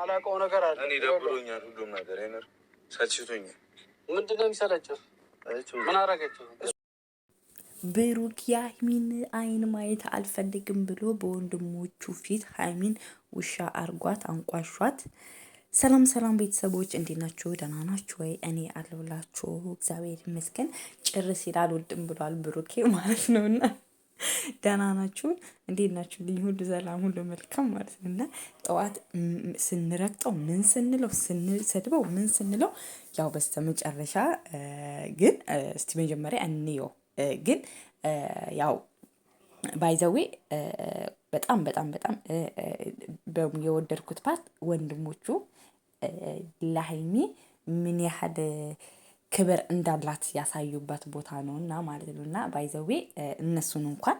ማላውቀው ነገር አለ። እኔ ደብሮኛል፣ ሁሉም ነገር ይነር ሰችቶኛል። ምንድን ነው የሚሰለቸው? ምን አረገችው? ብሩክ የሀይሚን አይን ማየት አልፈልግም ብሎ በወንድሞቹ ፊት ሀይሚን ውሻ አርጓት አንቋሿት። ሰላም ሰላም ቤተሰቦች እንዴት ናችሁ? ደህና ናችሁ ወይ? እኔ አለሁላችሁ እግዚአብሔር ይመስገን። ጭር ሲል አልወድም ብሏል ብሩኬ ማለት ነውና ደህና ናችሁ? እንዴት ናችሁ? ልኝ ሁሉ ሰላም ሁሉ መልካም ማለት ነው። እና ጠዋት ስንረግጠው ምን ስንለው ስንሰድበው ምን ስንለው ያው በስተ መጨረሻ ግን እስቲ መጀመሪያ እንየው ግን ያው ባይዘዌ በጣም በጣም በጣም የወደድኩት ፓርት ወንድሞቹ ለሀይሚ ምን ያህል ክብር እንዳላት ያሳዩበት ቦታ ነው እና ማለት ነው እና ባይዘዌ እነሱን እንኳን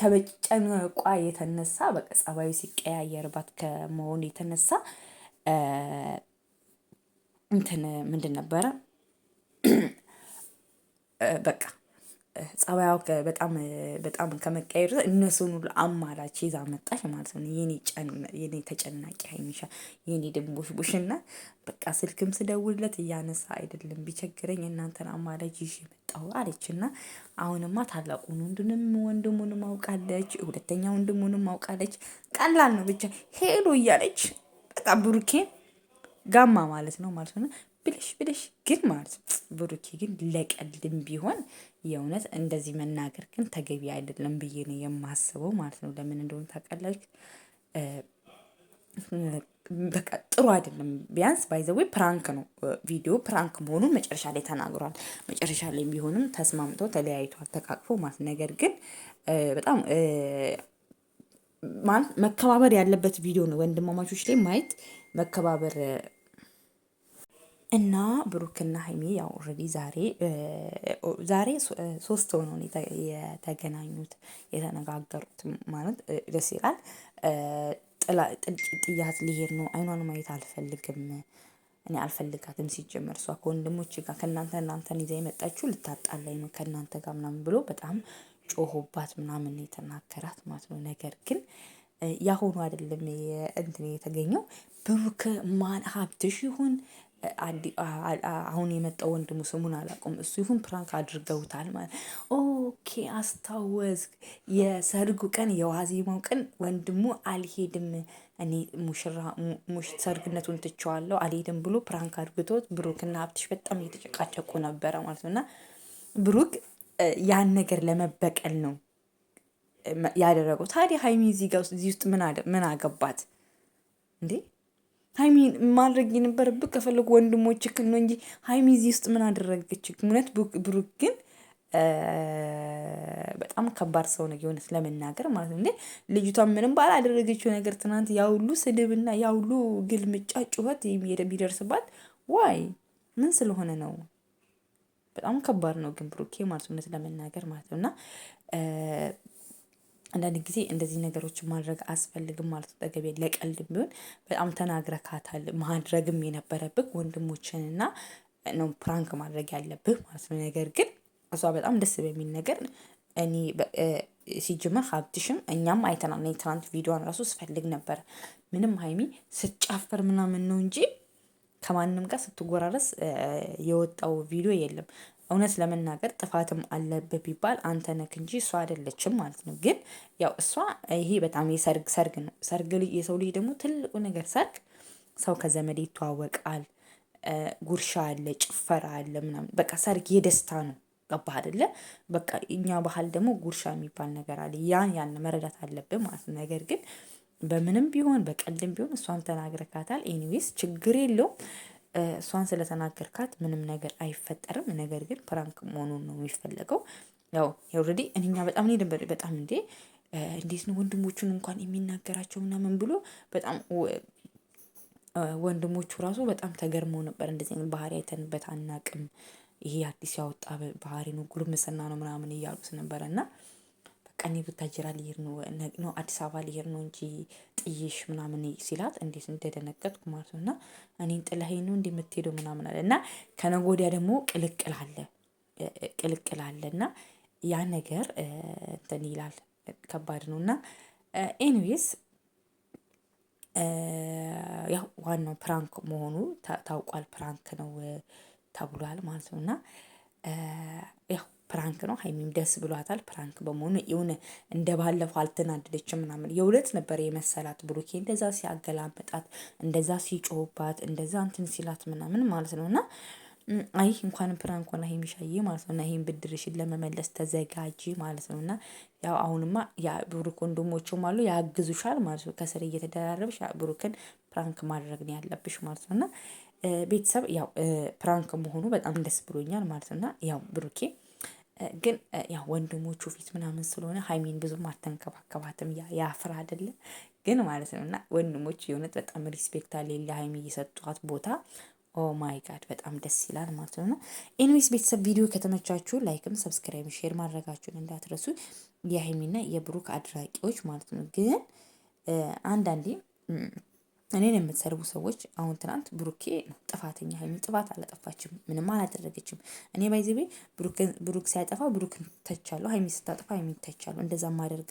ከመጨነቋ የተነሳ በቃ ጸባዩ ሲቀያየርባት ከመሆኑ የተነሳ እንትን ምንድን ነበረ በቃ ጸባያው በጣም በጣም ከመቀየሩ እነሱን ሁሉ አማላች ይዛ መጣች ማለት ነው። የኔ ተጨናቂ ሀይሚሻ የኔ ድንቦሽቦሽና በቃ ስልክም ስደውልለት እያነሳ አይደለም ቢቸግረኝ እናንተን አማላጅ ይዤ መጣሁ አለችና አሁንማ ታላቁን ወንድንም ወንድሙንም አውቃለች፣ ሁለተኛ ወንድሙንም አውቃለች። ቀላል ነው ብቻ ሄሎ እያለች በቃ ብሩኬን ጋማ ማለት ነው ማለት ነው ብልሽ ብልሽ ግን ማለት ብሩኬ ግን ለቀልድም ቢሆን የእውነት እንደዚህ መናገር ግን ተገቢ አይደለም ብዬ ነው የማስበው ማለት ነው። ለምን እንደሆነ ታውቃላችሁ? በቃ ጥሩ አይደለም። ቢያንስ ባይዘዌ ፕራንክ ነው ቪዲዮ ፕራንክ መሆኑን መጨረሻ ላይ ተናግሯል። መጨረሻ ላይ ቢሆንም ተስማምተው ተለያይቷል ተቃቅፎ ማለት ነገር ግን በጣም ማለት መከባበር ያለበት ቪዲዮ ነው። ወንድማማቾች ላይ ማየት መከባበር እና ብሩክና ሀይሚ ያው ኦልሬዲ ዛሬ ዛሬ ሶስት ሆነው የተገናኙት የተነጋገሩት ማለት ደስ ይላል። ጥልቅ ጥያት ሊሄድ ነው። አይኗን ማየት አልፈልግም፣ እኔ አልፈልጋትም። ሲጀመር እሷ ከወንድሞች ጋር ከእናንተ እናንተን ይዛ የመጣችሁ ልታጣላይ ነው ከእናንተ ጋር ምናምን ብሎ በጣም ጮሆባት ምናምን የተናገራት ማለት ነው። ነገር ግን ያሁኑ አይደለም እንትን የተገኘው ብሩክ ማን ሀብትሽ ይሁን አሁን የመጣው ወንድሙ ስሙን አላቁም እሱ ይሁን ፕራንክ አድርገውታል ማለት ኦኬ፣ አስታወስክ። የሰርጉ ቀን የዋዜማው ቀን ወንድሙ አልሄድም እኔ ሙሽራ ሰርግነቱን ትቸዋለሁ አልሄድም ብሎ ፕራንክ አድርግቶት ብሩክና ሀብትሽ በጣም እየተጨቃጨቁ ነበረ ማለት ነው። እና ብሩክ ያን ነገር ለመበቀል ነው ያደረገው። ታዲያ ሀይሚ እዚህ ውስጥ ምን አገባት እንዴ? ሀይሚን ማድረግ የነበረብህ ከፈለጉ ወንድሞችክን ነው እንጂ ሀይሚ እዚህ ውስጥ ምን አደረገች? እውነት ብሩክ ግን በጣም ከባድ ሰው ነው የሆነት ለመናገር ማለት ነው። እንዴ ልጅቷ ምንም ባላደረገችው ነገር ትናንት ያ ሁሉ ስድብና ያ ሁሉ ግልምጫ ጩኸት ቢደርስባት ዋይ ምን ስለሆነ ነው? በጣም ከባድ ነው ግን ብሩኬ ማለት እውነት ለመናገር ማለት ነው እና አንዳንድ ጊዜ እንደዚህ ነገሮችን ማድረግ አስፈልግም ማለት ተገቢ ለቀልድ ቢሆን በጣም ተናግረካታል። ማድረግም የነበረብህ ወንድሞችንና ነው ፕራንክ ማድረግ ያለብህ ማለት ነው። ነገር ግን እሷ በጣም ደስ በሚል ነገር እኔ ሲጀመር ሀብትሽም እኛም አይተናል። እኔ ትናንት ቪዲዮን ራሱ ስፈልግ ነበረ። ምንም ሀይሚ ስጨፍር ምናምን ነው እንጂ ከማንም ጋር ስትጎራረስ የወጣው ቪዲዮ የለም። እውነት ለመናገር ጥፋትም አለብህ ቢባል አንተ ነክ እንጂ እሷ አይደለችም ማለት ነው። ግን ያው እሷ ይሄ በጣም የሰርግ ሰርግ ነው። ሰርግ የሰው ልጅ ደግሞ ትልቁ ነገር ሰርግ ሰው ከዘመድ ይተዋወቃል። ጉርሻ አለ፣ ጭፈራ አለ ምናምን በቃ ሰርግ የደስታ ነው። ገባህ አይደለ? በቃ እኛ ባህል ደግሞ ጉርሻ የሚባል ነገር አለ። ያን ያን መረዳት አለብህ ማለት ነው። ነገር ግን በምንም ቢሆን በቀልድም ቢሆን እሷን ተናግረካታል። ኤኒዌይስ ችግር የለውም። እሷን ስለተናገርካት ምንም ነገር አይፈጠርም። ነገር ግን ፕራንክ መሆኑን ነው የሚፈለገው። ያው ኦልሬዲ እኛ በጣም እኔ ነበር በጣም እንዴ እንዴት ነው ወንድሞቹን እንኳን የሚናገራቸው ምናምን ብሎ በጣም ወንድሞቹ ራሱ በጣም ተገርመው ነበር። እንደዚህ አይነት ባህሪ አይተንበት አናቅም፣ ይሄ አዲስ ያወጣ ባህሪ ነው፣ ጉርምስና ነው ምናምን እያሉት ነበረ እና ቀኔ ብታጅራ ሊሄድ ነው ነው አዲስ አበባ ሊሄድ ነው እንጂ ጥይሽ ምናምን ሲላት እንዴት እንደደነገጥኩ ማለት ነው። እና እኔን ጥላሄ ነው እንደምትሄደው ምናምን አለ እና ከነጎዲያ ደግሞ ቅልቅል አለ ቅልቅል አለ እና ያ ነገር እንትን ይላል ከባድ ነው። እና ኤኒዌይስ ያው ዋናው ፕራንክ መሆኑ ታውቋል። ፕራንክ ነው ተብሏል ማለት ነው እና ያው ፕራንክ ነው። ሀይሚም ደስ ብሏታል። ፕራንክ በመሆኑ የሆነ እንደ ባለፈው አልተናደደችም ምናምን የሁለት ነበር የመሰላት ብሩኬ እንደዛ ሲያገላመጣት፣ እንደዛ ሲጮህባት፣ እንደዛ እንትን ሲላት ምናምን ማለት ነው እና አይ እንኳን ፕራንክ ሆነ ሀይሚሻዬ ማለት ነው እና ይህን ብድርሽን ለመመለስ ተዘጋጂ ማለት ነው እና ያው አሁንማ ብሩክ ወንድሞቹም አሉ ያግዙሻል ማለት ነው። ከስር እየተደራረብሽ ብሩክን ፕራንክ ማድረግ ነው ያለብሽ ማለት ነው እና ቤተሰብ ያው ፕራንክ መሆኑ በጣም ደስ ብሎኛል ማለት ነው እና ያው ብሩኬ ግን ያ ወንድሞቹ ፊት ምናምን ስለሆነ ሀይሚን ብዙም አተንከባከባትም ያፍር አይደለ ግን ማለት ነው። እና ወንድሞች የእውነት በጣም ሪስፔክት አለኝ ለሀይሚ እየሰጧት ቦታ። ኦ ማይ ጋድ በጣም ደስ ይላል ማለት ነው። እና ኤኒዌይስ ቤተሰብ ቪዲዮ ከተመቻችሁ ላይክም፣ ሰብስክራይብ፣ ሼር ማድረጋችሁን እንዳትረሱ። የሀይሚና የብሩክ አድራቂዎች ማለት ነው። ግን አንዳንዴ እኔን የምትሰርቡ ሰዎች አሁን ትናንት ብሩኬ ጥፋተኛ ሀይሚ ጥፋት አላጠፋችም፣ ምንም አላደረገችም። እኔ ባይዘቤ ብሩክ ሲያጠፋ ብሩክ ተቻለሁ፣ ሀይሚ ስታጠፋ ሀይሚ ተቻለሁ። እንደዛ ማደርግ